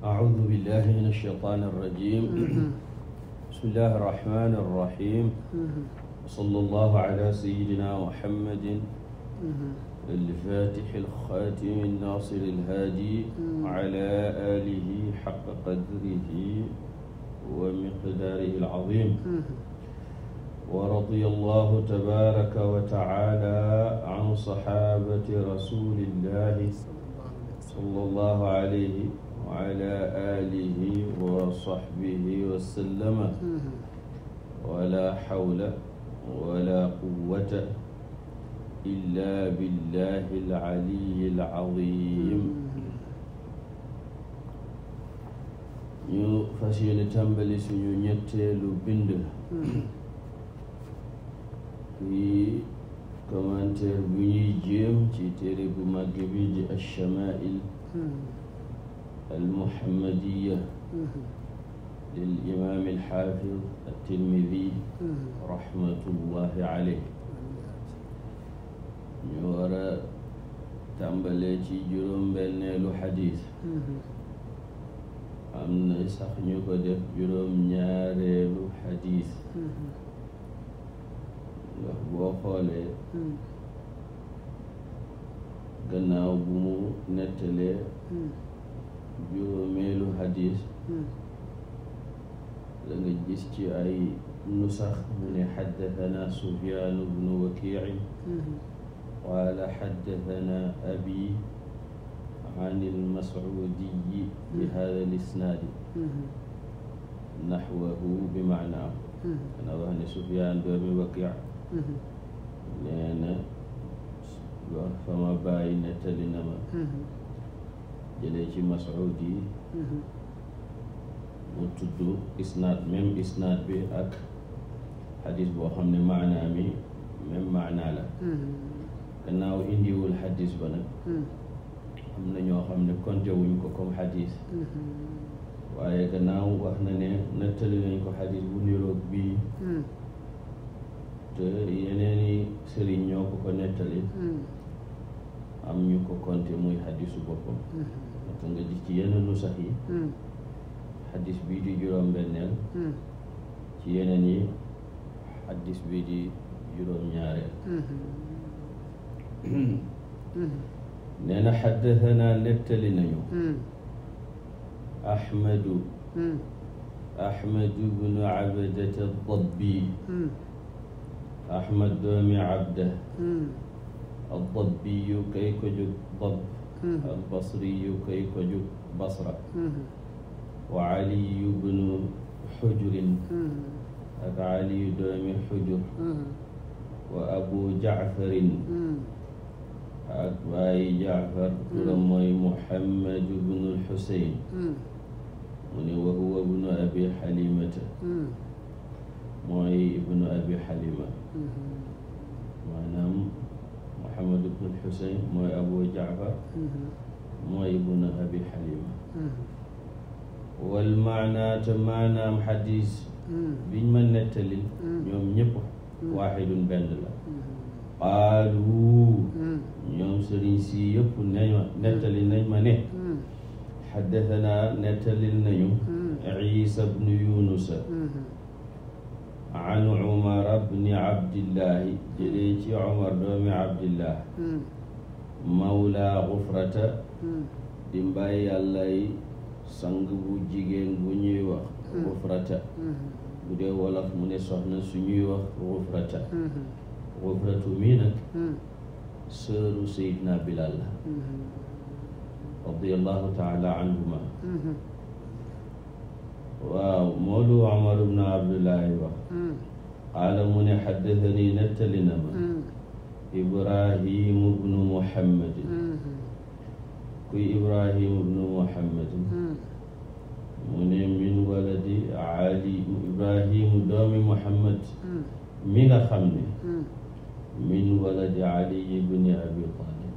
أعوذ بالله من الشيطان الرجيم بسم الله الرحمن الرحيم وصلى الله على سيدنا محمد الفاتح الخاتم الناصر الهادي على آله حق قدره ومقداره العظيم ورضي الله تبارك وتعالى عن صحابة رسول الله صلى الله عليه wa ala aalihi wa sahbihi wa sallama wala hawla wala quwwata illa billahi al-aliyyi al-azim ñu fas yéene tàmbali suñu ñetteelu bind ci commentaire bu ñuy jéem ci téere bu màgg bi di Ash-Shamaa'il almuhammadiya mm-hmm. lil imaam alxaafid at-tirmidi mm-hmm. rahmatullahi alayhi ñu war a ci juróom-benneelu xadiis mm-hmm. am na sax ñu ko def juróom-ñaareelu xadiis ndax boo xoolee gannaaw bu mu nettalee juróomeelu hadis hmm. la nga gis ci ay nusax mu ne xaddatana sufyaan bnu wakiin hmm. qaala xaddatana abi an ilmascuudiyi bi hmm. hada lisnaadi naxwahu bi maanaam dana wax ne sufyaan doomi wakiic nee na wax fa ma bàyyi nettali na ma jële ci Mas'ud yi mm-hmm. mu tudd isnaad même isnaad bi ak xadis boo xam ne maanaa mi même maanaa la mm-hmm. gannaaw indiwul xadis ba nag mm-hmm. am na ñoo xam ne konte wuñ ko kom xadis waaye gannaaw wax na ne nettali nañ ko xadis bu niroog bi te yeneeni sëriñ ñoo ko ko nettali am ñu ko konte muy xadisu boppam te nga gis ci yeneen nu sax yi hmm. xaddis bii di juróom-benneel hmm. ci yeneen yi xaddis bii di juróom-ñaareel hmm. nee na xaddasanaa nettali nañu ahmadu ahmadu bnu abdata dabbi ahmad doomi abda dabbiyu kay ko jóg dabb albasriyu kay ko jug basra wa aliyu bnu xujurin ak aliyu doomi xujur wa abu jaafarin ak baayi jaafar turam mooy muhammadu bnu lxusein mu ne wa huwa bnu abi xalimata mooy ibnu abi xalima maanaam Muhammad ibn Xuseyn mooy Abu Jaafar mooy ibn Abi Xalima wal maanaa te maanaam xadiis biñ ma nettali ñoom ñëpp waaxidun benn la qaalu ñoom sëriñ si yëpp nañ ma nettali nañ ma ne xaddatanaa nettalil nañu Iisa bnu Yunusa an umara bni abdillahi jëlee ci umar doomi abdillah hmm. mawla xufrata hmm. di mbaay yàllay sang bu jigéen bu ñuy wax xufrata hmm. bu dee wolof mu ne soxna su ñuy wax xufrata xufratu mii nag sëru sayidna bilal la radiallahu taala anhuma waaw moo lu Umar ibn Abdullahi wax hmm. qaala mu ne xaddasani nettali na ma hmm. Ibrahim ibnu Muhammadin hmm. kuy Ibrahim ibnu Muhammadin mu ne min waladi Ali Ibrahim doomi Muhammad mi nga xam ne min waladi Ali ibni Abi Talib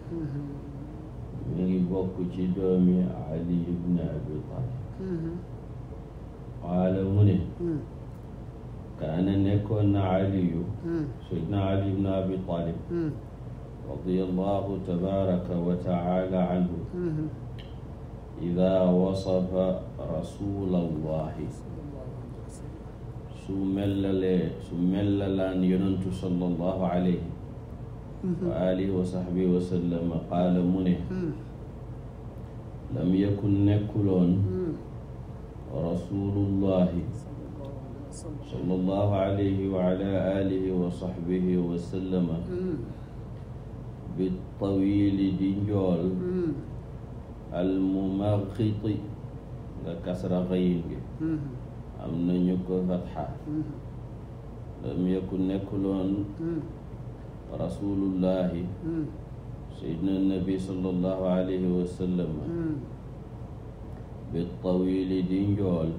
mi ngi bokk ci doomi Ali ibni Abi Talib qaala mu ne kaana nekkoon na aliyu seydna ali ibn abi talib radiallahu tabaraka wa taala anhu ida wasafa rasulallahi su mellalee su mellalaan yonantu sallallahu alayhi wa alihi wa sahbihi wa sallama qaala mu ne lam yakun nekkuloon wa rasulullahi sallallahu alayhi wa ala alihi wa sahbihi wa sallama hmm. bi tawili di njool hmm. almumarxiti nga kasra xayin gi hmm. am na ñu ko fatxa lam yëkku nekkuloon rasulullahi sayyidina nabi sallallahu alayhi wa sallama bi tawili di njool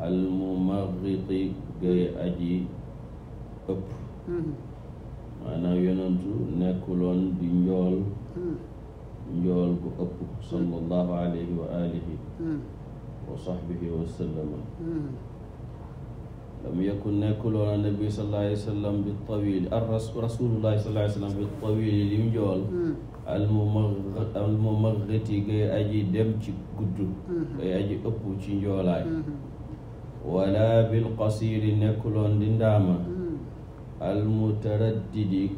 al mumarriti gay aji ëpp maanaam yonentu nekkuloon di njool njool gu ëpp sallallahu alayhi wa alihi wa sahbihi wa sallama lam yakun nekkuloon annabi sallallahu alayhi wa sallam bi tawil ar hmm. gay aji dem ci gudd hmm. gay aji ëpp ci njoolaay hmm. wala bil qasiri nekkuloon di ndaama al mutaraddidi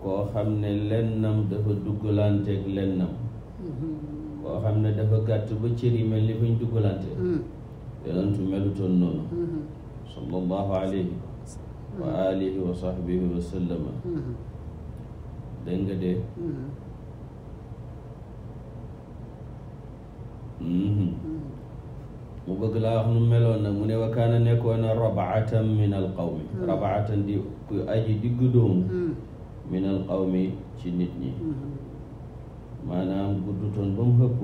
koo xam ne lennam dafa duggalanteeg lennam koo xam ne dafa gàtt ba cër yi mel ni fañ duggalante yonentu melutoon noonu sallallahu alayhi wa alihi wa sahbihi wa sallama mm-hmm. dégg nga de mm-hmm. Mm-hmm. mu bëgg laa wax nu meloon nag mu ne wa kaana nekkoon na rabaatan min al qawmi rabaatan di ku aji diggu doomu min al qawmi ci nit ñi maanaam guddutoon ba mu xëpp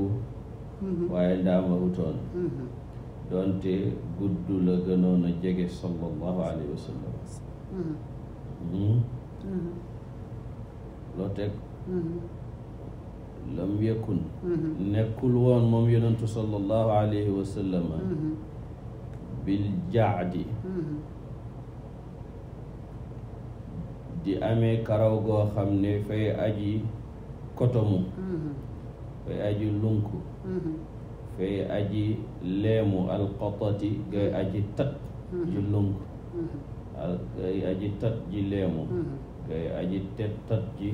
waaye ndaama wutoon doonte gudd la gënoon a jege sallallahu alayhi wa sallam mm-hmm. Hmm? Mm-hmm. loo teg mm-hmm. lam yakun nekkul woon moom yonentu sallallahu alayhi wa sallam bil jaadi di amee karaw goo xam ne fay aji kotomu fay aji lunku kay aji leemu alxotati kay aji tat mhm. ji lung kay mhm. aji tat ji leemu kay mhm. aji tet ji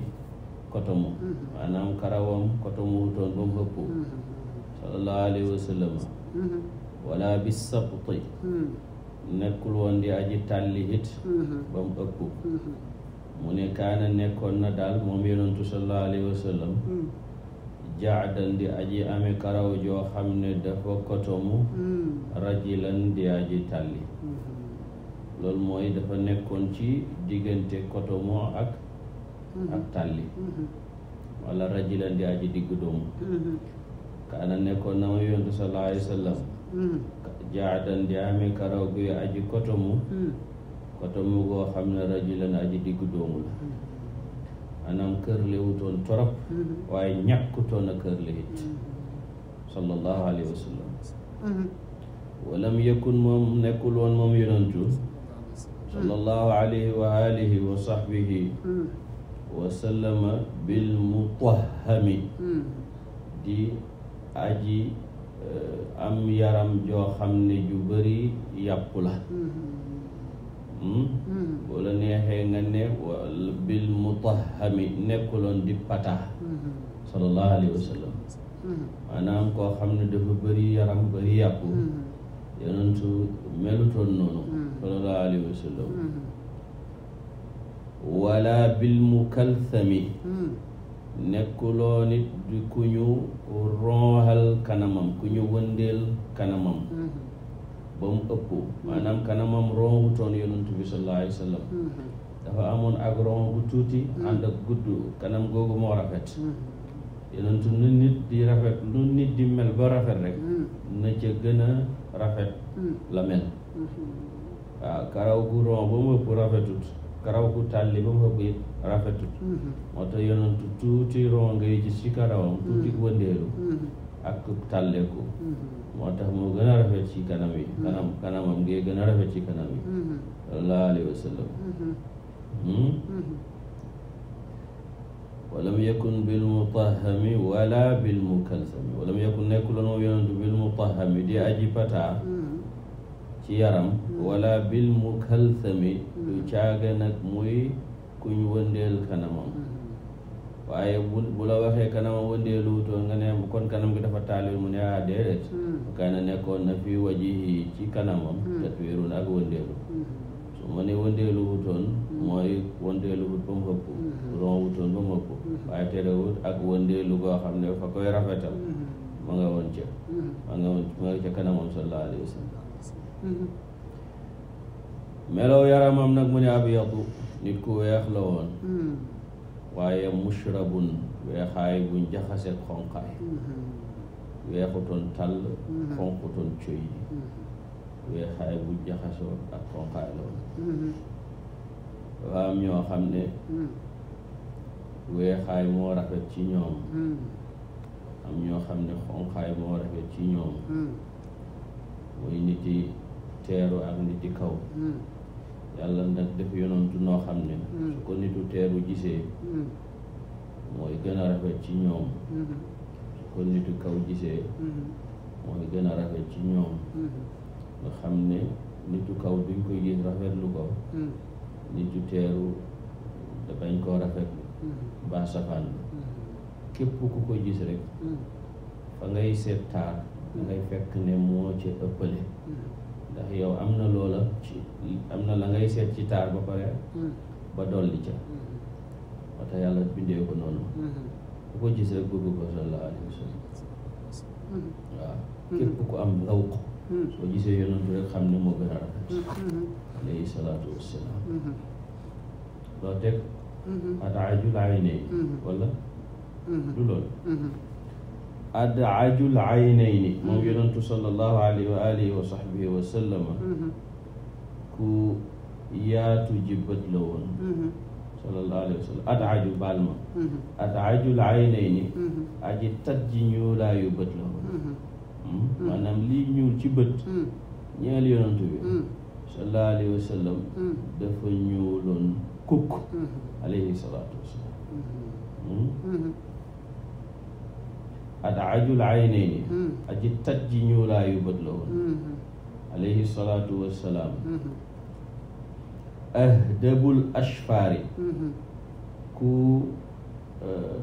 kotomu maanaam karawam kotomu wutoon ba mu hëpp sallallahu alayhi wala bi sabti nekkul woon di aji tàlli it ba mu ne kaana nekkoon na daal moom yonentu sallallahu alayhi wa jaadan di aji amee karaw joo xam ne dafa kotomu hmm. rajilan di aji tàlli hmm. loolu mooy dafa nekkoon ci diggante kotomu ak hmm. ak tàlli wala rajilan di aji diggu doomu kaana nekkoon na ma yontu sallallahu alayhi wa jaadan di amee karaw guy aji kotomu kotomu goo xam ne rajilan aji diggu doomu la maanaam kër la wutoon torop mm-hmm. waaye ñàkkutoon a kër la it mm-hmm. sallallahu alayhi wa sallam mm-hmm. walam moom nekkul woon moom yonantu sallallahu wa alihi wa sahbihi wa sallama bil mutahhami di aji eh, am yaram jooxam xam ne ju bëri yàpp la wala hmm? hmm. neexee nga ne wala bil mutahami nekkuloon di pata hmm. sallallahu alayhi wa sallam maanaam koo xam ne dafa bëri yaram bëri yàpp yonentu melutoon noonu sallallahu alayhi wa sallam bil mukalsami nekkuloon it ku ñu rooxal kanamam ku ñu wëndeel kanamam ba mu ëpp maanaam kanamam ron wu toon yonent bi sallallahu alayhi mm-hmm. dafa amoon ak ron bu tuuti mm-hmm. ànd ak gudd kanam googu moo rafet mm-hmm. yonent nu nit di rafet lu nit di mel ba rafet rek na ca gën a rafet la mel waaw karaw gu ron ba mu ëpp rafetut karaw gu tàlli ba mu ëpp it rafetut moo tax yonent tuuti ron ngay gis ci karawam tuuti wëndeelu ak tàlleeku moo tax moo gën a rafet ci kanam yi kanam gën a rafet ci kanam yi mm-hmm. sallallahu alayhi mm-hmm. hmm? mm-hmm. wa sallam walam yakun bil mutahami wala bil mukalsami walam yakun nekkuloon moom yonentu bil di aji pata ci yaram wala bil mukalsami du caaga nag muy kuñ wëndeel kanamam waaye bu bu la waxee kanama wëndeelu toon nga ne kon kanam gi dafa taalir mu ne ah déedéet hmm. kana nekkoon na fi wajihi ci kanamam hmm. tatwiirun ak wëndeelu hmm. su ma ne wëndeelu wutoon mooy wëndeelu wut ba mu hëpp ron wutoon ba mu hëpp waaye terewut ak wëndeelu goo xam ne fa koy rafetal ma nga woon ca ma nga woon ca kanamam sallallahu wa sallam melow yaramam nag mu ne ab yadu nit ku weex la woon waaye mushrabun weexaay bu njaxase xonqaay mm-hmm. weexutoon tàll mm-hmm. xonqutoon coy mm-hmm. weexaay bu jaxasoon ak xonqaay loolu dafa am ñoo xam ne mm. weexaay moo rafet ci ñoom mm. am ñoo xam ne xonqaay moo rafet ci ñoom mm. muy nit teeru ak nit yi kaw yàlla nag def yonantu noo xam ne hmm. su ko nitu teeru gisee hmm. mooy gën a rafet ci ñoom hmm. kaw gisee mooy gën ci ñoom nga xam ne nitu kaw duñ koy gis lu ko nitu teeru dafañ koo rafetlu ba safaan képp ku ko gis rek fa ngay seet taar ngay fekk ne moo ci ëppale ndax yow am na loola ci am na la ngay seet ci taar ba pare hmm. ba dolli ca hmm. moo tax yàlla bindee ko noonu hmm. ku ko gis rek bëgg ko sallallahu alayhi wa sallam waaw képp ku am lawq soo gisee yonentu rek xam ne moo gën a rafet alayhi salaatu wassalaam loo teg ataajul ayne yi wala du loolu ad'ajul aynayni moom yonentu sallallahu alayhi wa alihi wa sahbihi wa sallama ku yaatu ji bët la woon sallallahu alayhi wa sallam ad'aju baal ma ad'ajul aynayni aji tat ji ñuulaayu bët la woon maanaam lii ñuul ci bët ñeel yonentu bi sallallahu alayhi wa sallam dafa ñuuloon kukk alayhi salaatu wa salaam ad ajul aynayni hmm. aji taj ji ñuulaayu bët la woon hmm. alayhi salaatu wassalaam hmm. ahdabul ashfaari ku euh,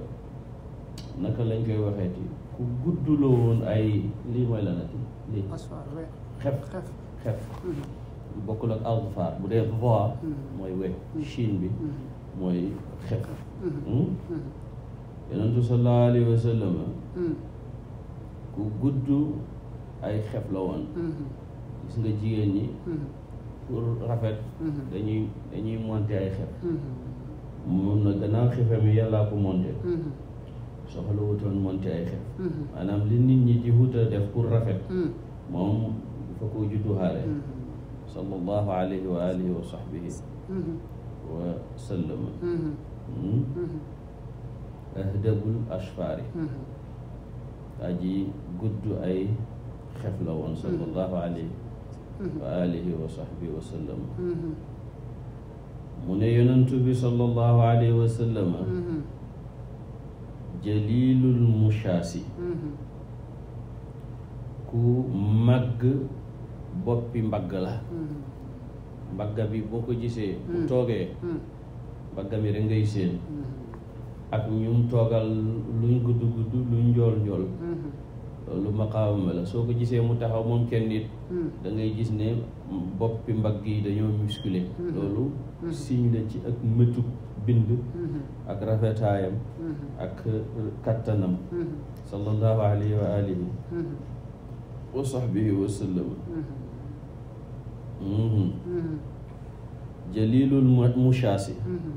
naka lañ koy waxeeti ku gudd la ay lii mooy lanati lii xef xef bokkul ak azfar bu dee voi mooy we chine bi mooy xef yonentu sallallahu alayhi wa hmm. ku gudd ay xef la woon hmm. gis nga jigéen ñi hmm. pour rafet dañuy dañuy monter ay xef moom na gannaaw xefe mi yàllaa ko monter soxla wutoon monter ay xef maanaam li nit ñi di wuta def pour rafet moom dafa ko juddu xaale sallallahu alayhi wa alihi wa sahbihi wa ahdabul ashfaari mm-hmm. aji gudd ay xef la woon mm-hmm. sallallahu alayhi mm-hmm. wa alihi wa sahbihi wa mu ne yonentu bi sallallahu alayhi wa sallam jalilul mushaasi ku màgg boppi mbagg la mbagga bi boo ko gisee bu toogee mbagga mi rek ngay séen ak ñum toogal luñ gudd gudd luñ njool njool mm-hmm. loolu maqaawama la soo ko gisee mu taxaw moom kenn nit mm. da gis ne boppi mbag yi dañoo musculé mm-hmm. loolu mm-hmm. signe la ci ak mëtub bind ak rafetaayam ak euh, kàttanam sallallahu alayhi wa alihi wa sahbihi wa sallam jalilul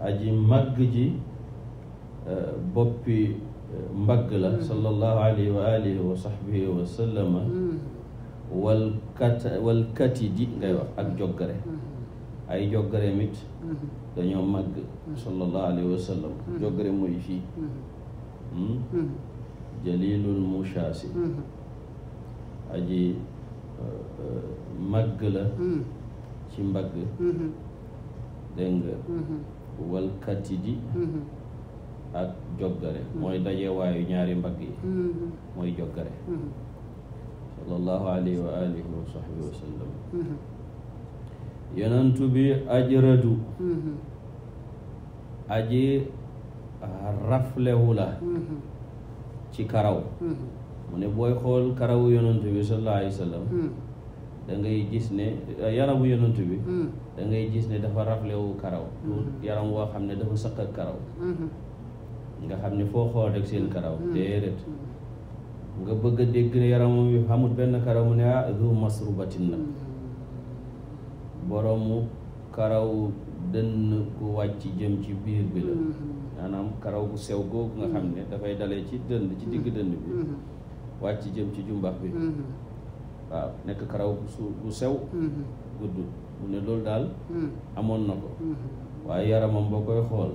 aji màgg ji boppi eh, mbagg la mm. sallallahu alayhi wa alihi wa sahbihi wa sallama mm. wal kat ngay wax ak joggare mm. ay joggare mit dañoo màgg sallallahu alayhi wa sallam joggare mooy fii hmm? jalilul mushaasi aji eh, eh, màgg la ci mbagg mm-hmm. dégg nga mm-hmm. wal ak joggare mooy dajewaayu ñaari mbagg yi mm-hmm. mooy joggare mm-hmm. sallallahu alayhi wa alihi wa sahbihi wa sallam mm-hmm. yonentu bi ajradu aji raflewu la ci karaw mu ne booy xool karawu yonentu bi sallallahu alayhi wa gis ne yaramu yonent bi dangay gis ne dafa raflewu karaw yaram woo xam ne dafa sëq ak karaw nga xam ne foo xool rek seen karaw mm. déedéet nga bëgg a dégg ne yaramam bi xamul benn karaw mu ne ah du masrubatin la mm. boroomu karaw dënn ku wàcc jëm ci biir bi la mm. maanaam karaw gu sew googu nga xam ne dafay dale ci dënn ci digg dënn bi wàcc jëm ci jumbax bi waaw nekk karaw gu su gu sew gudd mu ne loolu daal amoon na ko waaye yaramam boo koy xool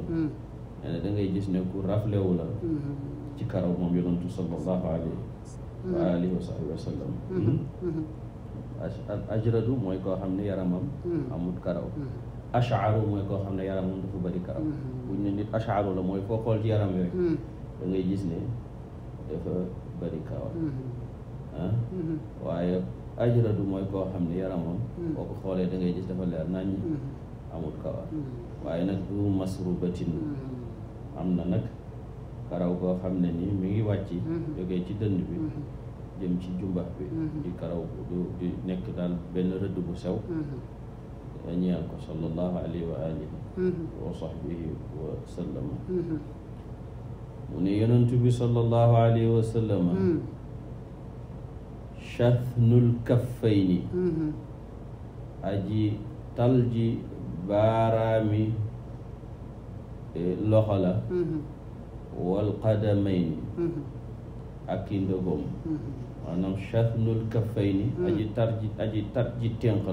nee dangay gis ne ku raflewu la mm-hmm. ci karaw moom yonantu sallallahu alayhi wa mm-hmm. alihi wa wa sallam mm-hmm. ajradu mooy koo xam ne yaramam amut karaw ashaaru mooy koo xam ne yaramam dafa bëri karaw buñ ne nit ashaaru la mooy foo xool ci yaram rek da gis ne dafa bëri karaw ah? waaye ajradu mooy koo xam ne yaramam boo ko xoolee da ngay gis dafa leer nañ amut kawar waaye nag du masrubatin am na nag karaw goo xam ne nii mi ngi wàcc mm-hmm. jógee ci dënd bi mm-hmm. jëm ci jumbax bi mm-hmm. di karaw du di nekk daal benn rëdd bu sew ñeel ko sallallahu alayhi wa alihi wa sahbihi mu ne yonent bi sallallahu alayhi wa sallama chathnul kaffayni aji tal ji baaraami loxo la wal qadamayni ak i ndëgom mm-hmm. maanaam chatnul kaffayni aji tar ji aji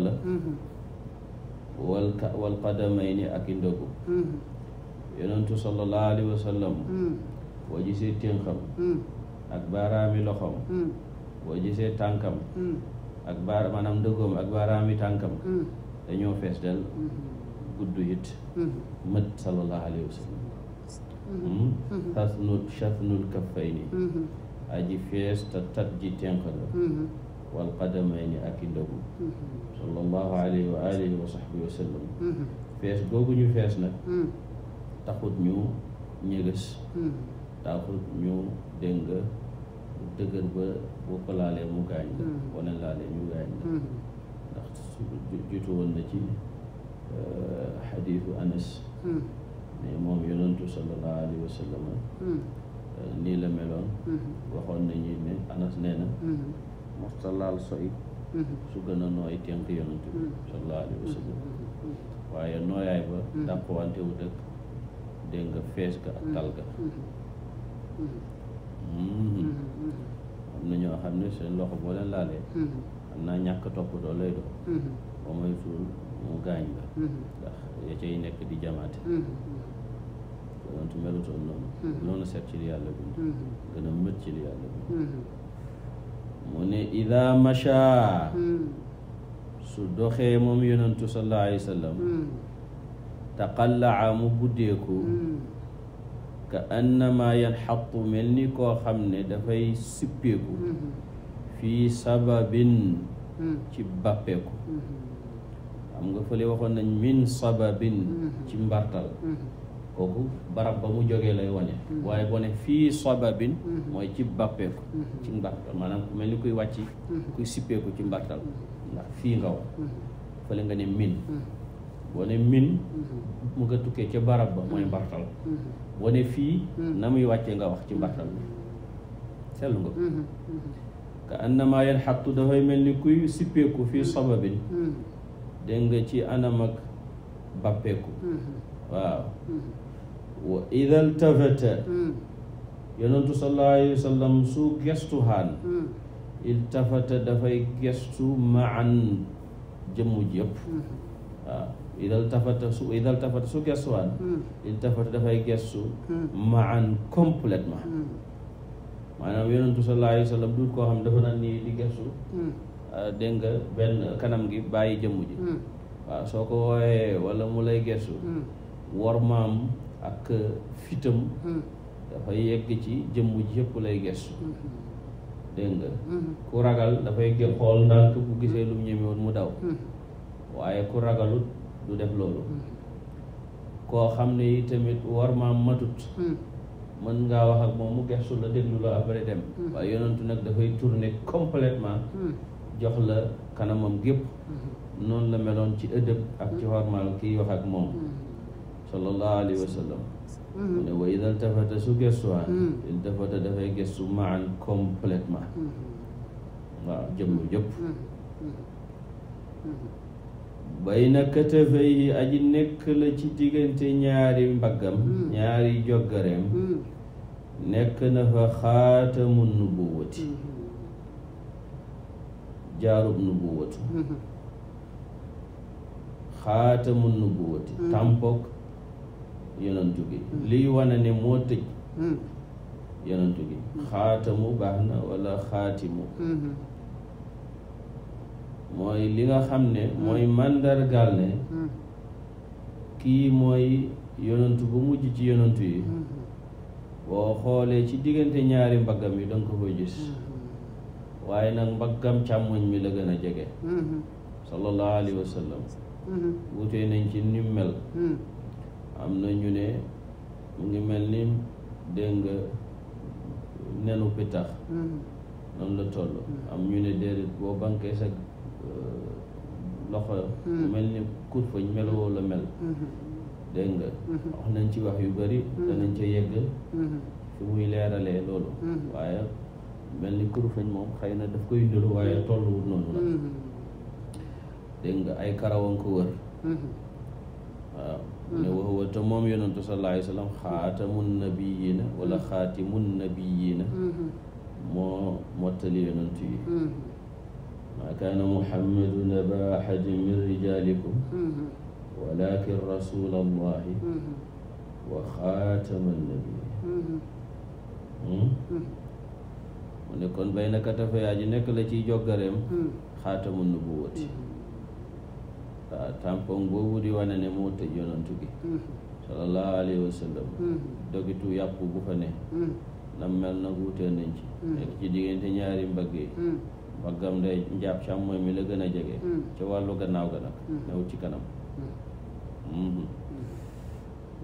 la wal wal qadamayni ak i ndëgom yonentu sallallahu alayhi wa sallam mm-hmm. boo gisee mm-hmm. ak baaraami loxom boo gisee tànkam ak baar maanaam ndëgom ak baaraami tànkam dañoo fees del gudd it mm-hmm. mat sallallahu wa sallam xasnul mm-hmm. hmm? shafnul kaffayni mm-hmm. aji fees te tat ji tenq la wal qadamayni ak i ndogu sallallahu alihi wa sahbihi wa sallam fees googu ñu fees nag taxut ñu ñëgës taxut ñu dëng dëgër ba boo ko laalee mu gaañ la wala laalee ñu gaañ la ndax jiitu woon na ci xadiisu Anas hmm. ne moom yonentu sallallahu alayhi wa hmm. eh, nii la meloon hmm. waxoon nañu ne Anas nee na mosta laal soy su gën a nooy tenk yonentu bi sallallahu alayhi wa waaye nooyaay ba dàqwante wu dëkk dégg nga fees ga ak tal ga am na ñoo xam ne seen loxo boo leen laalee xam naa ñàkk toppatoo lay doon ba may suul mu gaañ la mm-hmm. ndax ya cay di jamaate mm-hmm. yonentu melutoon noonu gënoon mm-hmm. a set ci li yàlla bind gën a ci li yàlla bind mu ne ida macha su doxee moom yonentu sallallahu alayhi wa sallam taqallaa mu buddeeku ka annama yanxaqu mel ni koo xam ne dafay sippeeku fii sababin ci bàppeeku xam nga fële waxoon nañ min sababin mm-hmm. ci mbartal mm-hmm. kooku barab ba mu jógee lay wone mm-hmm. waaye boo ne fii sababin mooy ci bàppeeku ci mbartal maanaam ku mel ni kuy wàcc kuy sippeeku ci mbartal ndax fii nga wax fële nga ne min boo ne mu nga tukkee ca barab ba mooy mbartal boo fii na muy wàccee nga wax ci mbartal bi seetlu nga ka annama yan xattu dafay mel ni kuy sippeeku fii sababin dégg nga ci anamak ak bàppeeku mm-hmm. waaw mm-hmm. wa ida iltafata mm. yonentu sallallahu alayhi wa su gestu haan mm. iltafata dafay gestu maan jëmmu yëpp mm-hmm. waaw ida su gestu haan mm. iltafata dafay gestu maan complètement maanaam yonentu sallallahu alayhi wa sallam du koo xam dafa naan di gestu Euh, dégg nga benn kanam gi bàyyi jëmm ji hmm. waaw soo ko wooyee walla mu lay gestu hmm. war maam ak fitam hmm. dafa yegg ci jëmm ji yëpp lay gestu dégg nga ku ragal dafay gë xool ndànk bu gisee lu mu mu daw waaye ku ragalut du def loolu koo xam ne yi tamit war maam matut mën ngaa wax ak moom mu gestu la lu la après dem waaye yonentu nag dafay tourner complètement jox la kanamam gépp mm-hmm. noonu la meloon ci ëdëb ak ci mm-hmm. xormal kiy wax ak moom mm-hmm. sallallahu alayhi wa mu ne wa ida iltafata su gestuwaan iltafata dafay gestu maan complètement waaw jëmm jëpp bayna katafayhi aji nekk la ci diggante ñaari mbaggam ñaari joggareem nekk na fa xaatamu nubuwati jaarub nubuwatu xaatamu nubuwati mm. tampoog yonantu gi mm. liy wane ne moo tëj mm. yonantu gi xaatamu baax na wala xaatimu mm-hmm. mooy li nga xam ne mooy màndargaal ne kii mooy yonantu bu mujj ci yonantu yi mm-hmm. boo xoolee ci diggante ñaari mbaggam yi danga ko koy gis waaye nag mbaggam càmmoñ mi la gën a jege mm-hmm. sallallahu alayhi wa sallam mm-hmm. wutee nañ ci ni mel mm-hmm. am na ñu ne mu ngi mel ni dégg nga nenu pitax noonu la toll am ñu ne déedéet boo bankee sa euh, loxo mel ni kurfañ melowoo la mel dégg wax nañ ci wax yu bari danañ ca yegg fi muy leeralee loolu waaye mel ni kurufañ moom xëy na daf koy nduru waaye mm-hmm. tolluwul noonu la mm-hmm. dégg nga ay karawan ko wër mm-hmm. waaw ne waxuwa te moom yonentu sallallahu alayhi wa sallam xaatamun nabiyina wala xaatimun nabiyina moo mottali yonent yi maa kaana muhammadun aba ahadin min rijalikum walakin rasula allahi wa xaatama nnabiyin hmm? mu ne kon bay naka tafe yaa ji nekk la ciy joggareem hmm. xaatamu nubuwati waaw hmm. ah, tampon boobu di wane ne moo tëj yonantu gi hmm. sallallahu alayhi wa dogitu yàpp bu fa ne nam mel nag wutee nañ ci nekk ci diggante ñaari mbagg yi mbaggam day njaab càmmooñ mi la gën a jege ca wàllu gannaaw ga nag new ci kanam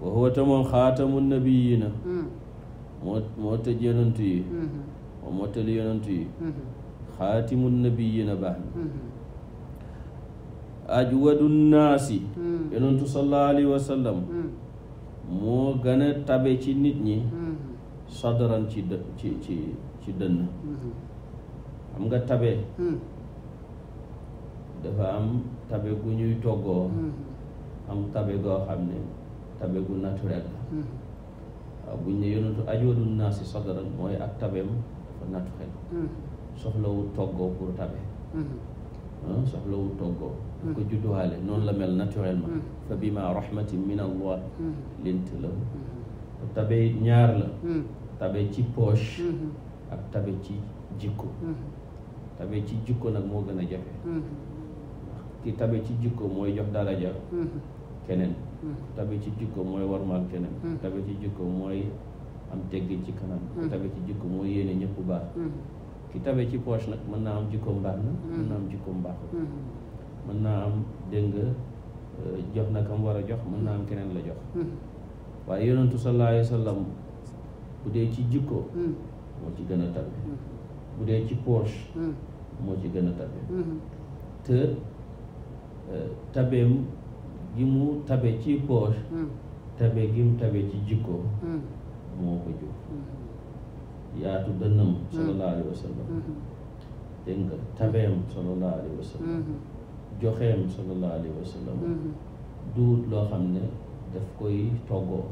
wa huwa ta moom xaatamu nabiyina moo moo tëj yonantu yi moo mottali yonent yi mm-hmm. xaatimu nabiyina baax na mm-hmm. ajwadu naasi mm-hmm. yonentu sallallahu alayhi wa moo gën a tabe ci nit ñi sadran ci dë ci ci dënn xam nga tabe mm. dafa am tabe gu ñuy toggoo am tabe goo xam ne tabe gu naturel la waaw buñ ne yonentu ajwadu naasi sadran mooy ak tabeem dafa naturel mm. soxlawul toggoo pour tabe mm-hmm. ah, soxlawul toggoo mm. ko judduwaale noonu la mel naturellement mm. fa bima rahmatin min allah lint lahu mm-hmm. tabe ñaar la tabe ci poche mm-hmm. ak tabe ci jikko tabe ci jikko nag moo gën a jafe ki tabe ci jikko mooy jox daraja keneen tabe ci jikko mooy warmaal keneen tabe ci jikko mooy am teggin ci kanam mm. ku tabe ci jikko moo yéene ñëpp baax mm. ki tabe ci poche nag mën naa am jikkoom baax na mm. mën naa am jikkoom baaxul mën naa am dégg nga euh, jox na kam war a jox mën naa am keneen la jox waaye yonentu sallallahu alayhi bu dee ci jikko moo ci gën a tabe bu dee ci poche moo ci gën a tabe te euh, tabeem gi mu tabe ci poche tabe gi mu tabe ci jikko moo ko jur mm-hmm. yaatu dënnam sallallahu wa sallam mm-hmm. dégg tabeem sallallahu wa sallam mm-hmm. joxeem sallallahu wa sallam duut loo xam ne def koy toggoo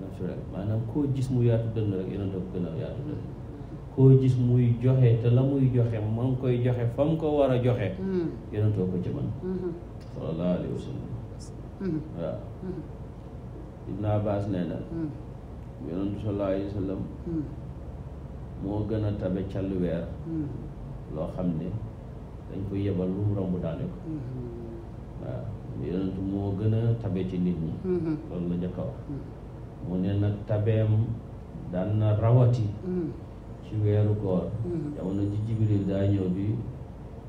naturel maanaam koo gis mu yaatu dënn rek yonent a gën a yaatu dënn koo gis muy joxe te la muy joxe ma koy joxe fa mu ko war a joxe yonentoo ko ci man wa sallam waaw Ibn Abbas nee na yonentu sallallahu alayhi hmm. gën a weer hmm. loo xam ne dañ ko yebal lu mu romb daane ko hmm. moo gën a tabe ci nit ñi loolu la njëkk wax mu ne nag tabeem daan na rawati ci weeru koor jamono ji jibril daa ñëw bi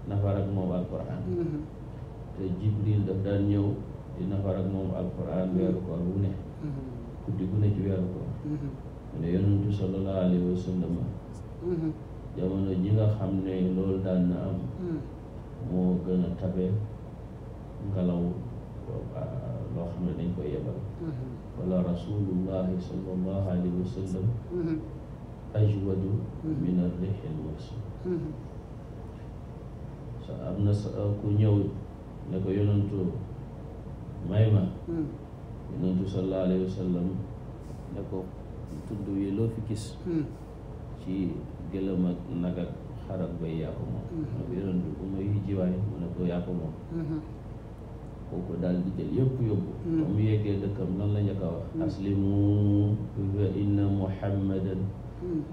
nafar ak moom alquran te jibril daf daan ñëw di nafar ak moom alquran weeru koor bu ne guddi gu ci weeru koor mu mm-hmm. ne yonentu sallallahu alayhi wa sallama mm-hmm. jamono ji nga xam ne loolu daan na am mm-hmm. moo gën a tabe ngelaw loo xam ne dañ koy yebal wala rasulullahi sallallahu alayhi wa sallam ajwadu min arrihil mursal sa am na ku ñëw ne ko yonentu may ma yonentu sallallahu alayhi wa sallam ne ko tund wi loo fi gis hmm. ci gëlëm ak nag ak xar ak bay yaa ko moom hmm. mu jiwaay mu ne ko yaa ko moom hmm. kooku di jël yëpp yóbbu ba mu yeggee dëkkam lan la njëkk a wax aslimu fa inna muhammadan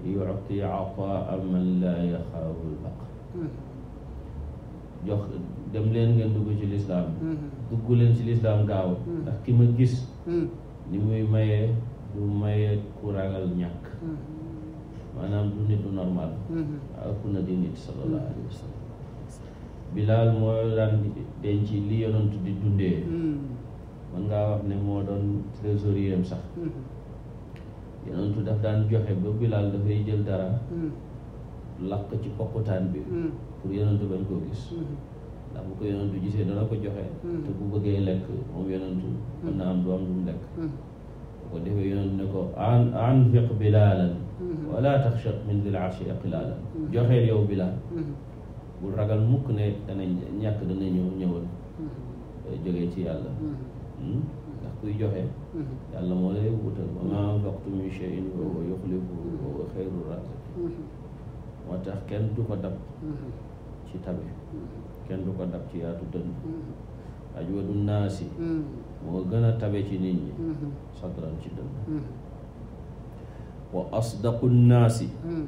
yuti ataa man laa yaxaafu lbaq jox dem leen ngeen dugg ci lislaam dugg leen ci lislaam gaaw ndax ki ma gis ni muy mayee du maye ku ragal ñàkk mm-hmm. maanaam du nit du normal ëpp mm-hmm. na di nit sallallahu mm-hmm. alayhi wa sallam bilaal moo daan denc li yonent di dundee mën ngaa wax ne moo doon trésorier sax yonentu daf daan joxe ba bilaal dafay jël dara lakk ci pokkutaan bi pour yonentu bañ koo gis ndax bu ko yonentu gisee dana ko joxe te bu bëggee lekk moom yonentu mën na am du am lu lekk bu ko defee ne ko an anfiq bilaalan mhm. wala taxsha min dil arshi iqlaalan mhm. joxeel yow bilaal mhm. bul ragal mukk ne dana ñàkk dana ñëw ñëwal eh, jógee ci yàlla hmm? ndax kuy joxe yàlla moo lay wutal wa maa anfaqtum tax kenn du ko dab ci tabe kenn du ko dab ci yaatu dënn ajwadu naasi moo gën a tabe ci nit ñi mm-hmm. sadran ci dënn mm-hmm. wa asdaqu naasi mm-hmm.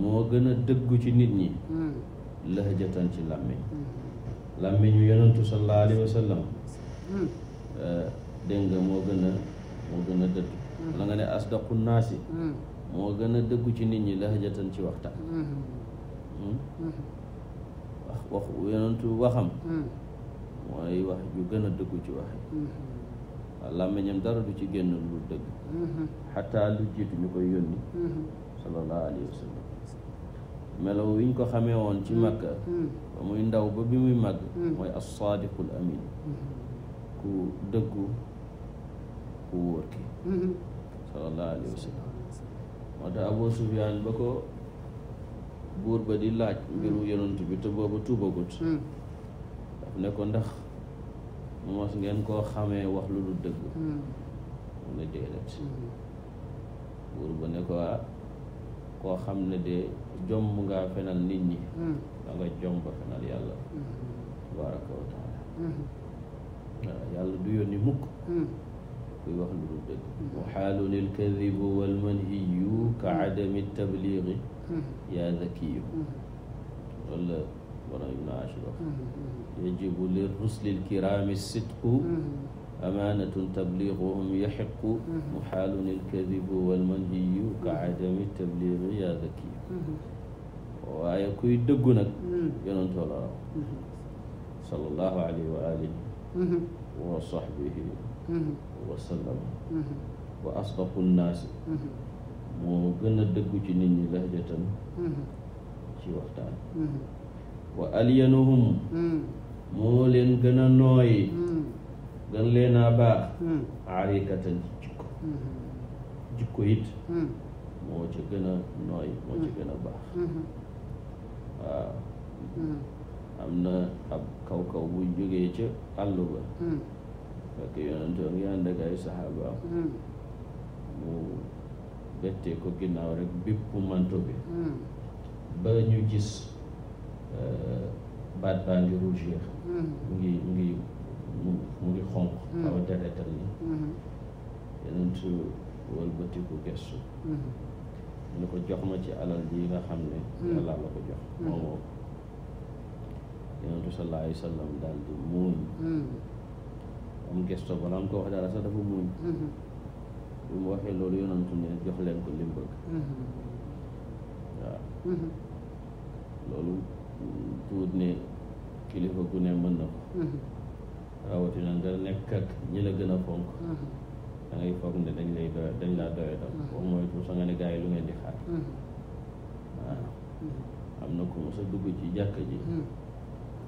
moo gën a dëggu ci nit ñi lahjatan ci làmmiñ làmmiñu yonentu sallallahu alayhi wa sallam eh, dégg nga moo gën a moo gën a dëdd wala ne asdaqu naasi moo gën a dëggu ci nit ñi lahjatan ci waxtaan hmm? wax wax yonentu waxam mooy wax ju gën a dëggu ci waxe mm-hmm. waaw dara du ci génn lu dëgg mm-hmm. xataa lu ñu koy yónni mm-hmm. sallallahu alayhi wa sallam melaw wiñ ko xamee woon ci makka ba muy ndaw ba bi muy màgg mooy as-saadiqul amin ku dëggu ku wóor ki sallallahu alayhi wa moo tax Abu Sufyaan ba ko buur ba di laaj mbiru yonent bi te booba tuubagut ne ko ndax mos ngeen koo xamee wax lu dul dëgg hmm. mu ne déedéet hmm. buur ba ne ko ah, koo xam ne de jomb nga fenal nit ñi hmm. da nga jomb fenal yàlla tabaraka wa taala yàlla du yónni mukk kuy wax lu dul dëgg wa xaalun ilkadibu walmanhiyu ka adami tabliigi yaa zakiyu loolu wala ibnu ashur wax yajibu li ruslil kiraami sidqu amaanatun tabliiguhum yaxiqu muxaalun ilkadibu walmanhiyu ka adami tabliigi yaa zaki waaye kuy dëggu nag yonentoo la raw sallallahu alayhi wa alihi wa sahbihi wa sallam wa asdaqu nnaasi moo gën a dëggu ci nit ñi lahjatan ci waxtaan wa alyanuhum hmm. moo leen gën a nooy hmm. gën leen a baax hmm. arikatan ci jikko jikko moo ci gën a nooy moo ci gën a baax waaw am na ab kaw kaw bu jógee ca àll ba fekk yonent bi ngi ànd ak saxaabaam mu bettee ko ginnaaw rek bépp manto bi ba ñu gis Euh, baat baa ngi rougir hmm. mu ngi mu ngi mu ngi xonq hmm. xaw a deretal ni hmm. yenentu wëlbatiku gestu mu ne ko jox ma ci alal ji nga xam ne yàlla la ko jox moomoo yenentu sallallahu alayhi wa sallam daal di muuñ ko wax dara sax dafa muuñ bi mu waxee loolu yonantu ne jox leen ko li mu bëgg loolu tuut ne kilifa gu ne mën na ko mhm. rawatina nga nekk ak ñi la gën a fonk mhm. da ngay foog ne dañ lay doy dañ laa doyee dam boo moytu sa nga ne gars yi lu ngeen di xaar mhm. waaw am na ko mos a dugg ci jàkk ji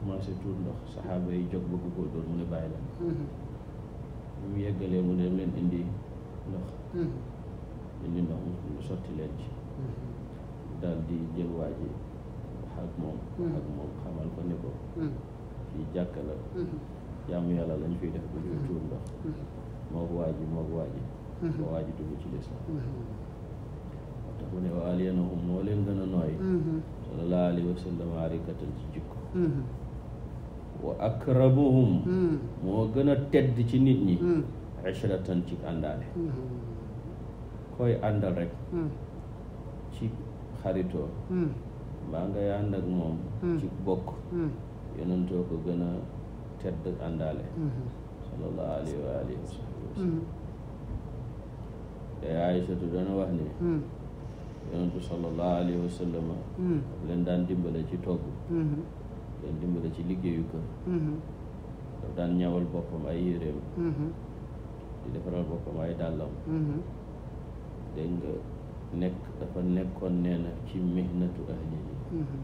commencé tuur ndox saxaaba yi jóg bëgg koo dóor mu ne bàyyi leen mu yeggalee mu ne leen indi ndox indi ndox sotti leen ci daal di jël waa ji ak moom mm-hmm. ak moom xamal ko ne ko mm-hmm. fii jàkk la mm-hmm. jaamu yàlla lañ fiy def bu ñu tuur ndox moo ko waaji moo ko waaji ba waaji dugg ci lislaam moo tax mu ne wa aliyanahum moo leen gën a nooy sallallahu alayhi wa sallam arikatan ci jikko wa akramuhum moo gën a tedd ci nit ñi ashratan ci àndaale koy àndal rek ci xaritoo mbaa ngay ànd ak moom hmm. ci bokk hmm. yonentoo ko gën a tedd àndaale hmm. sallallahu alayhi wa alihi wa sahbihi leen daan dimbale ci togg leen dimbale ci liggéeyu kër daf daan ñawal boppam ay yéreem di defaral boppam ay dàllam dégg nga nekk dafa nekkoon neena na ci mihnatu ahli Mm-hmm.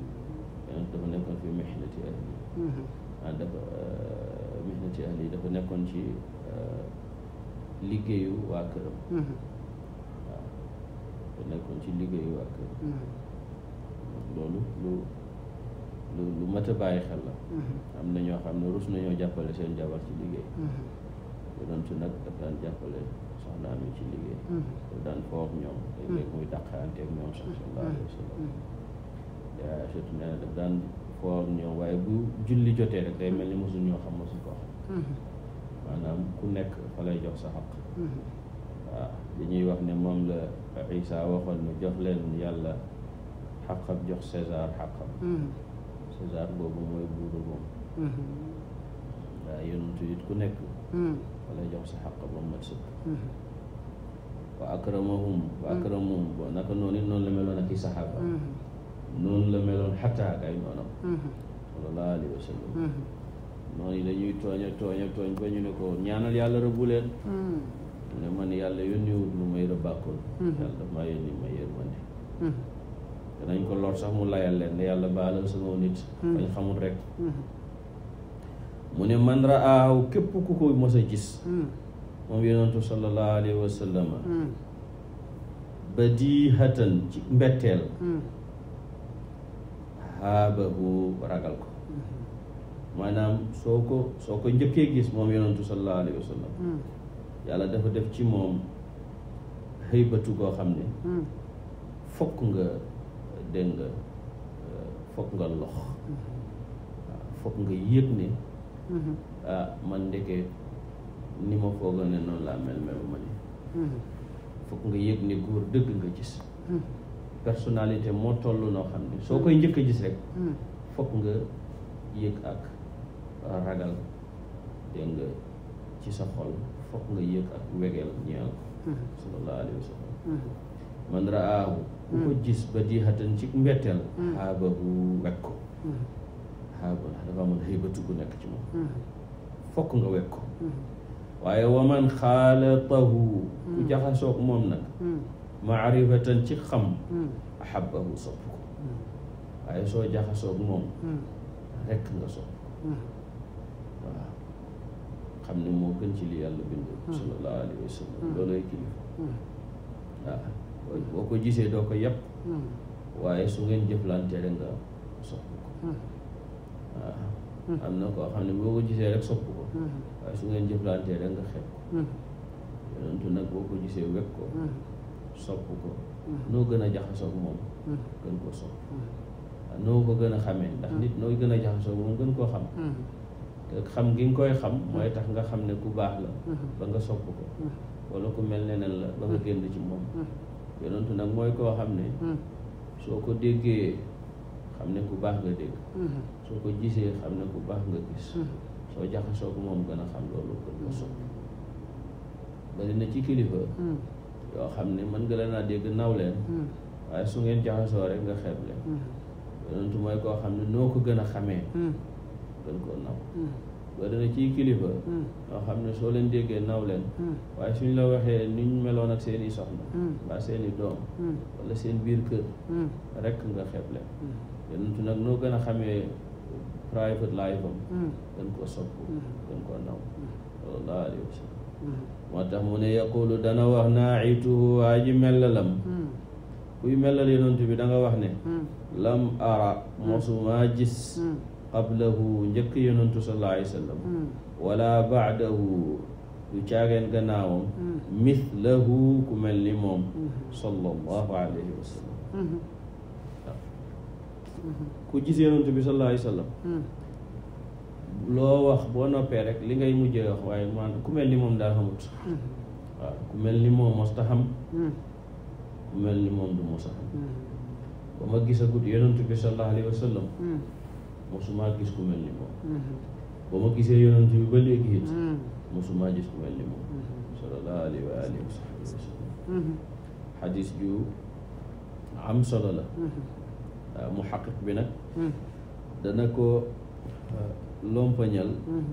yonent dafa nekkoon fi mihnati ahli mm-hmm. ah dafa euh, mihnati ahli dafa nekkoon ci euh, liggéeyu waa këram mm-hmm. waaw dafa nekkoon ci liggéeyu waa këram loolu lu lu lu mat a bàyyi xel la am na ñoo xam ne rus nañoo jàppale seen jabar ci liggéey yonentu nag daf daan jàppale soxnaam yi ci liggéey daf daan foog ñoom léeg-léeg muy dàqanteeg ñoom sax sallallahu alayhi wa sallam Aïchatu nee na daf daan foo ñoom waaye bu julli jotee rek day mel ni mosul ñoo xam mosul koo xam mm-hmm. maanaam ku nekk fa jox sa xaq mm-hmm. li ñuy wax ne moom la Isa waxoon ne jox leen yàlla xaqam jox César xaqam mm-hmm. boobu mooy buuru moom waaw yonentu it ku nekk fa lay jox sa xaq ba mat sëkk wa akramahum wa akramahum noonu noonu la meloon ak i saxaaba noonu la meloon xataa kay maanaam mm-hmm. sallallahu alayhi wa sallam mm-hmm. noonu tooña tooña tooñ ba ñu ne ko ñaanal yàlla rëbbu leen mm-hmm. mu ne man yàlla yónniwut lu may rëbbaakoon yàlla damaa yónni ma yërmande danañ ko lor sax mu layal leen ne yàlla baalal sama nit bañ xamul rek mu ne man raahu képp ku ko mos a gis moom yonentu sallallahu alayhi wa sallam mbetteel bu ragal ko maanaam soo ko soo ko njëkkee gis moom yonantu sallallahu alayhi wa sallam hmm. yàlla dafa def ci moom xëybatu goo xam ne hmm. fokk nga dégg nga euh, fokk nga lox hmm. fokk nga yëg ne ah, man ndeke ni ma foogoon ne noonu laa mel meluma ni fokk nga yëg ne góor dëgg nga gis personnalité moo toll noo xam ne soo hmm. koy njëkk a gis rek hmm. fokk nga yëg ak ragal dégg nga ci sa xol fokk nga yëg ak wegeel ñeel ko hmm. sallallahu alayhi wa man raahu ku ko gis ba diixatan ci mbetteel bu wekk ko xaaba ndax dafa amoon xëybatu nekk ci moom fokk nga wekk ko waaye waman xaalatahu ku jaxasoog moom nag maarifatan ci xam hmm. ahabahu sopp ko hmm. waaye soo jaxasoog moom hmm. rekk nga sopp waaw xam ne moo gën ci li yàlla bind sallallahu alayhi wa sallam looloy kilifa waaw boo ko gisee doo ko yàpp waaye su ngeen jëflante rek nga sopp ko waaw am na koo xam ne boo ko gisee rek sopp ko waaye su ngeen jëflante nga xeeb ko yonentu nag boo ko gisee wekk ko sopp ko mm-hmm. noo gën a jaxasoog moom mm-hmm. gën koo sopp mm-hmm. noo ko gën a xamee ndax nit noo gën a jaxasoog moom gën koo xam te koy xam mooy tax nga xam ne ku baax la ba nga sopp ko wala ku mel neneen la ba génn ci moom yonentu nag mooy koo xam ne soo ko déggee xam ne ku baax nga dégg soo ko gisee xam ne ku baax nga gis soo jaxasoo ko moom gën a xam loolu gën ko sopp bari ci kilifa yoo xam ne mën nga leen naa dégg naw leen hmm. waaye su ngeen jaxasoo rek nga xeeb leen hmm. yonentu mooy koo xam ne noo ko gën a xamee hmm. gën koo naw bëri na ciy kilifa ñoo xam ne soo leen déggee naw leen waaye suñ la waxee niñ meloon ak seeni i soxna mbaa doom wala seen biir kër rekk nga xeeb leen yonentu nag noo gën a xamee private life am gën koo sopp gën koo naw sallallahu alayhi wa moo tax mu ne yaqulu dana wax naacituhu waa ji mellalam kuy mellal yonent bi danga wax ne lam ara mosumaa gis qablahu njëkk yonentu sallallahu alayhi wa sallam baadahu du caageen gannaawam mithlahu ku mel ni moom sallallahu alayhi wa mm-hmm. ku gis yonent bi sallallahu alayhi loo wax boo noppee rek li ngay mujjee wax waaye maanaam ku mel ni moom daa xamut hmm. waaw ku mel ni moom mos ta xam hmm. ku mel ni moom du mos a xam hmm. ba ma gisagut yonentu bi sallallahu alayhi wa sallam mosumaa gis ku mel ni moom ba ma gisee yonentu bi ba léegi it mosumaa gis ku mel ni moom sallallahu alayhi wa alihi wa sallam xadis ju am solo la waaw mu xaqiq bi nag dana ko lompañal mm-hmm.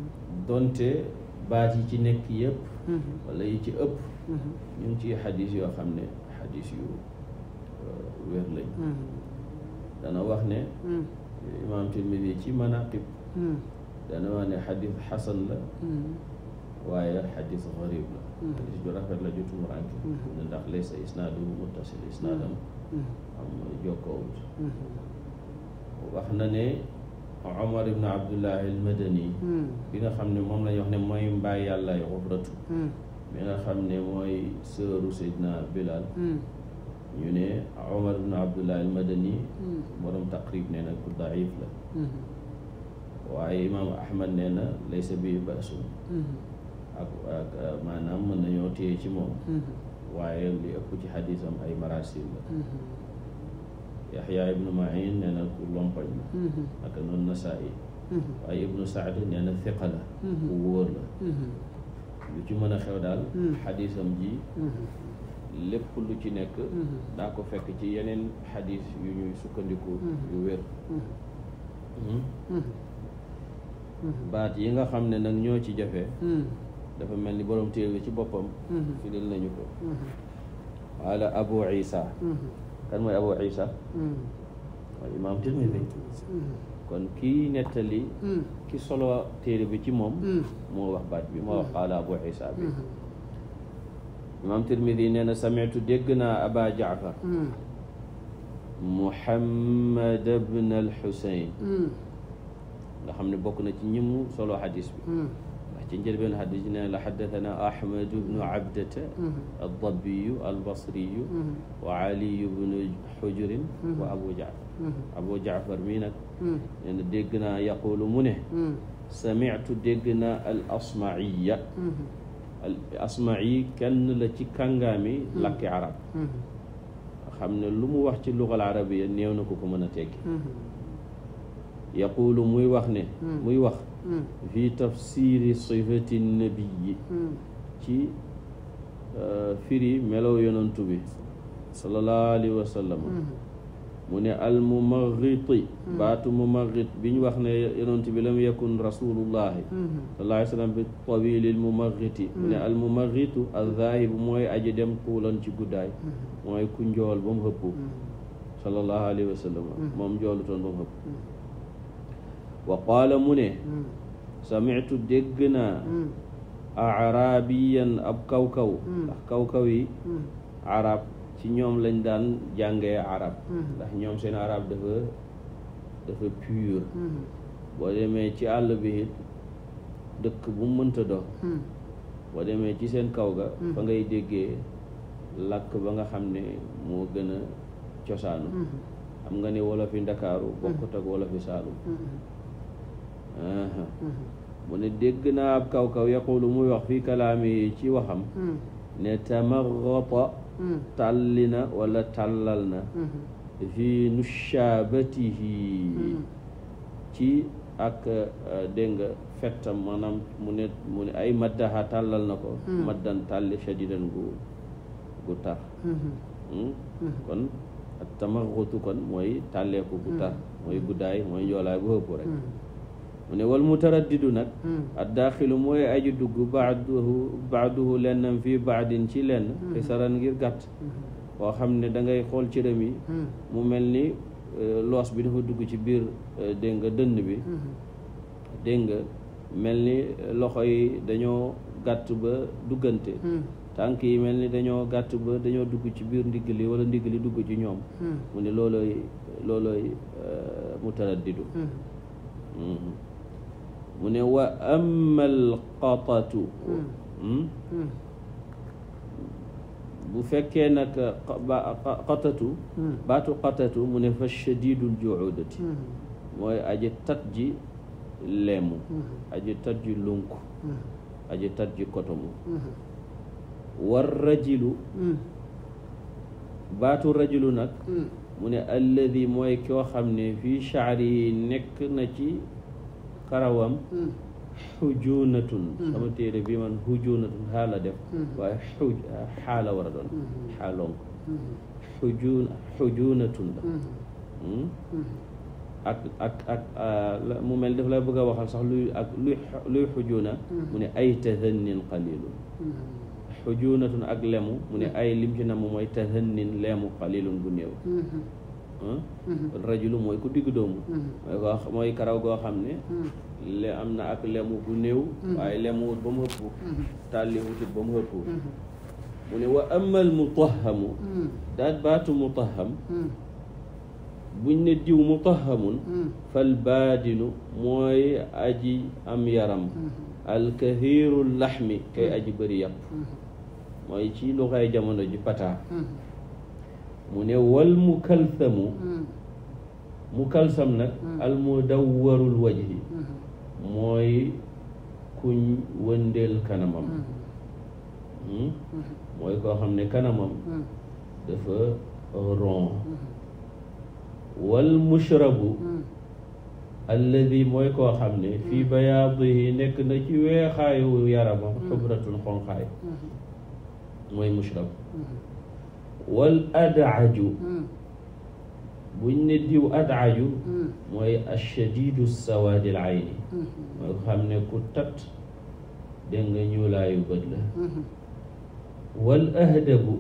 donte baat yi ci nekk yëpp mm-hmm. wala yi ci ëpp mm-hmm. ñu ciy xadis yoo xam ne xadis yu euh, wér lañ dana wax ne imaam Tirmidi ci manaqib dana wax ne xadis xasan la waaye xadis garib la xadis ju rafet la ju tumuranke ne ndax laysa isnaadu muttasil isnaadam am jokkoowut wax na ne Omar ibn Abdullah al Madani hmm. bi nga xam ne moom lañ wax ne mooy mbaay yàlla yi xubratu hmm. bi nga xam ne mooy sëru Seydina Bilal hmm. ñu ne Omar ibn Abdullah al Madani borom taqrib nee na ku daif la waaye imaam Ahmad nee na laysa bi basun ak ak maanaam mën nañoo téye ci moom waaye li ëpp ci xadisam ay marasil la yaxya ibnu mahin nee na ku lompoñ la naka mhm. noonu nasaa'i mhm. waaye ibnu saad nee na la mhm. ku wóor la lu ci mën a xew daal xadisam ji lépp lu ci nekk daa ko fekk ci yeneen xadis yu ñuy sukkandiku yu wér baat yi nga xam ne nag ñoo ci jafe dafa mel ni boroom téere ci boppam firil nañu ko qaala abu isa kan mooy Abu Isa hmm. mooy hmm. kon kii nettali hmm. ki solo téere bi ci moom moo wax baat bi moo wax qaala Abu Isa bi imaam Tirmidi nee na samitu dégg naa Aba Jaafar Muhammad ibn al-Husayn nga xam ne bokk na ci ñi mu solo xadis bi ci njëlbeen xadis nee la xaddatana ahmadu bnu abdata addabiyu albasriyu wa aliyu bnu xujurin wa abu jaafar abu jaafar mii nag nee na dégg naa yaquulu mu ne samitu dégg naa al asmaiya al asmai kenn la ci kàngaami lakki arab xam ne lu mu wax ci lugal arabiya néew na ko ko mën a teggi yaquulu muy wax ne muy wax Mm. fi tafsiri sifati nabii mm. ci euh, firi melow yonantu bi sallallahu alayhi wa sallam mm. mu ne al mumarriti baatu mumarrit bi ñu wax ne yonent bi lam yakun rasulullahi mm-hmm. sallallahu alayhi wa sallam bi tawilil mumarriti mu ne al mumarritu al zaahibu mooy aji dem tuulan ci guddaay mm-hmm. mooy ku njool ba mu hëpp sallallahu alayhi wa sallam moom njoolutoon ba mu hëpp wa qaala mu ne hmm. sami'tu dégg naa hmm. arabiyan ab kaw-kaw hmm. ndax kaw-kaw yi arab ci ñoom lañ daan jànge arab ndax ñoom seen arab dafa dafa pur boo demee ci àll bi dëkk bu mënta dox boo demee ci seen kaw ga fa ngay déggee làkk ba nga xam ne moo gën a cosaanu xam nga ne wolofi Ndakaaru bokkut ak wolofi Saalum Mhm. mu ne dégg naa ab kaw kaw yaqulu muy wax fii kalaami ci waxam mhm. ne tamarrata mhm. tàlli na walla tàllal na fi nushaabatihi ci ak euh, dégg nga fettam maanaam mu ne mu ne ay maddaha tàllal na ko maddan tàlli shadidan gu gu tar hmm? kon tamarrutu kon mooy tàlleeku gu tar mooy guddaay mooy njoolaay bu hëpp rek mu ne wal mutaraddidu nag hmm. addaaxilu mooy aji dugg baaduhu baaduhu lennam fii baadin ci lenn hmm. xisaran ngir gàtt hmm. koo xam ne dangay xool cëram yi mu mel ni euh, loos bi dafa dugg ci biir euh, dégg nga dënn bi dégg nga mel ni euh, loxo yi dañoo gàtt ba duggante tànk yi mel ni dañoo gàtt ba dañoo dugg ci biir ndigg li wala ndigg li dugg ci ñoom mu ne loolooy loolooy mutaraddidu mu ne wa amma alqatatu hmm. hmm? hmm. bu fekkee nag qatatu baatu qatatu mu ne fa shadidul juudati mooy aji tat ji leemu aji tat ji lunku aji tat ji kotomu war rajilu baatu rajilu nag mu ne alladi mooy koo xam ne fii shaari yi nekk na ci karawam xujunatun hmm. hmm. sama téere bii man xujunatun xaala def hmm. waaye xuj ah, xaala war a doon xaalong xujun xujunatun la ah, mu mel daf lay bëgg a waxal sax luy ak mu ne ay tahannin qalilun xujunatun ak lemu mu ne ay lim ci namm mooy tahannin lemu qalilun bu néew Mm-hmm. rajulu mooy ku digg doomu mm-hmm. mooy karaw goo xam ne mm-hmm. le am na ak lemu bu néew waaye lemuwut ba mu hëpp tàlliwutit ba mu hëpp mu ne wa amal mutahamu daat baatu mutaham buñ ne diw mutahamun fal baadinu mooy aji am yaram alkahiru laxmi kay aji bëri yàpp mooy ci lu jamono ji pata mu ne wal mukalsamu hmm. mukalsam nag hmm. al mudawwarul wajhi hmm. mooy kuñ wëndeel kanamam mooy koo xam ne kanamam dafa rond wal mushrabu alladi mooy koo xam ne fii bayaadihi nekk na ci weexaayu yaramam xubratun xonqaay mooy mushrab wal adaju hmm. buñ ne diw adaju hmm. mooy ashadidu sawaadi al ayni hmm. mooy xam ne ku tat dégg nga ñuulaayu bët la wal ahdabu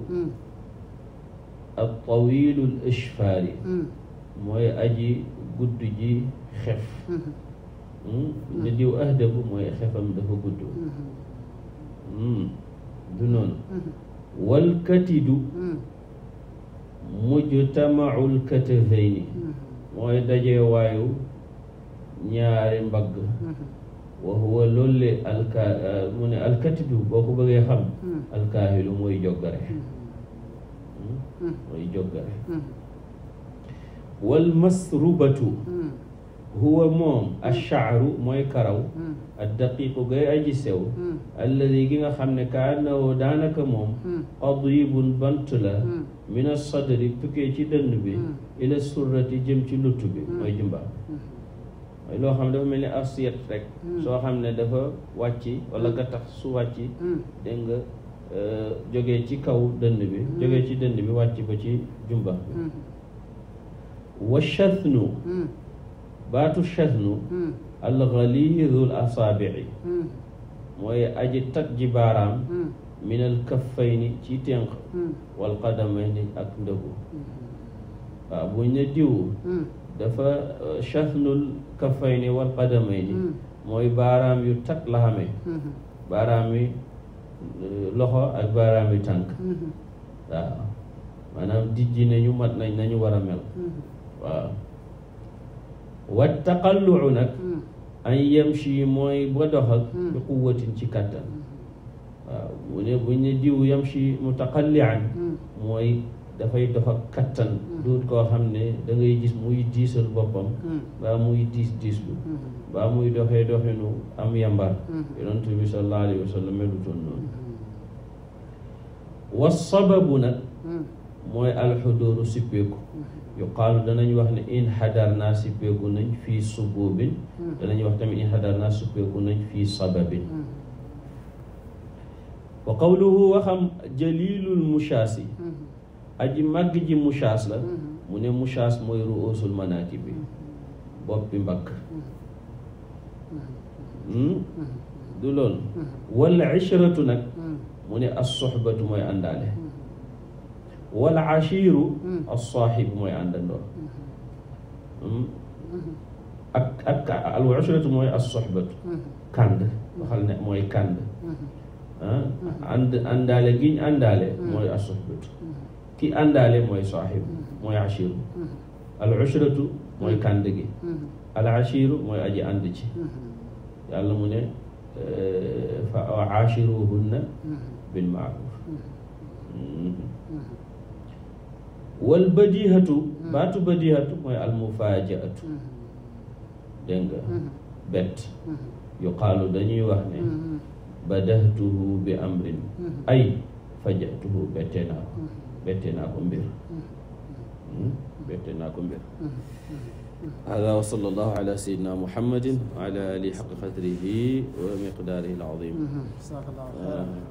al tawilu al ishfaari mooy aji gudd ji xef ne diw ahdabu mooy xefam dafa guddu du noonu walkatidu hmm. mujtamaul katafayni hmm. mooy daje waayu ñaari mbagg hmm. wa huwa loolu alka mu ne alkatidu boo ko bëggee xam alkaahilu mooy mooy joggare wal masrubatu huwa moom achaaru mooy karaw hmm. ad daqiqu gay aji sew hmm. alladi gi nga xam ne kaannahu daanaka moom hmm. adyibun bant la min asadri tukkee ci dënn bi ila surrati jëm ci lutt bi mooy jumbaab mooy loo xam ne dafa mel ni asiyat rek soo xam ne dafa wàcci walla nga tax su wàcc dégg nga euh, jógee ci kaw dënn bi jóge ci dënn bi wàcc ko ci jumbaab bi wa shatnu baatu chahnu hmm. alxaliidul asaabici hmm. mooy aji tag ji baaraam hmm. minal kaffayni ci ténq wal qadamayni ak ndëgu waaw buñ ne diw dafa chahnul euh, kaffayni wal qadamayni mooy baaraam yu tag la xamee baaraam yi euh, loxo ak baaraam yi tànk waaw maanaam dijji nañu mat nañ nañu war a mel waaw wa taqallu nag hmm. an yamshi mooy ba dox ak hmm. bi quwwatin ci kàttan hmm. waaw mu ne buñ ne diw yamshi mooy dafay dox ak kattan duut koo xam ne dangay ngay gis muy diisal boppam mbaa muy diis diislu mbaa muy doxee doxinu am yambar yonent bi sallallahu alayhi melutoon noonu wa sababu nag mooy alxuduru sippeeku yuqaalu danañ wax ne in xadar naa sippeeku nañ fii sububin hmm. danañ wax tamit in xadar naa sippeeku nañ fii sababin hmm. wa qawluhu waxam jalilul mushaas yi hmm. aji màgg ji mushaas la mu ne mushaas mooy ruusul manaakib bi boppi mbagg du loolu wala ishratu nag mu ne as soxbatu mooy àndaale wala ashiru hmm. as-saaxibu mooy àndandoor hmm. hmm. ak ak al ushratu mooy as-soxbatu kànd waxal ne mooy kànd ah, ànd àndaale giñ àndaale mooy as-soxbatu ki àndaale mooy saaxibu mooy ashiru al ushratu mooy kànd gi al ashiru mooy aji ànd ci yàlla mu ne eh, fa ashiruhunna bil maaruf wal badihatu hmm. baatu badihatu mooy almufaajaatu hmm. dégg nga hmm. bett yuqaalu dañuy wax ne badahtuhu bi amrin ay fajatuhu bettee naa ko bettee naa ko mbir bettee naa ko mbir hada wa sallallahu ala sayyidina muhammadin wa ala alihi haqqa qadrihi wa miqdaarihi al-azim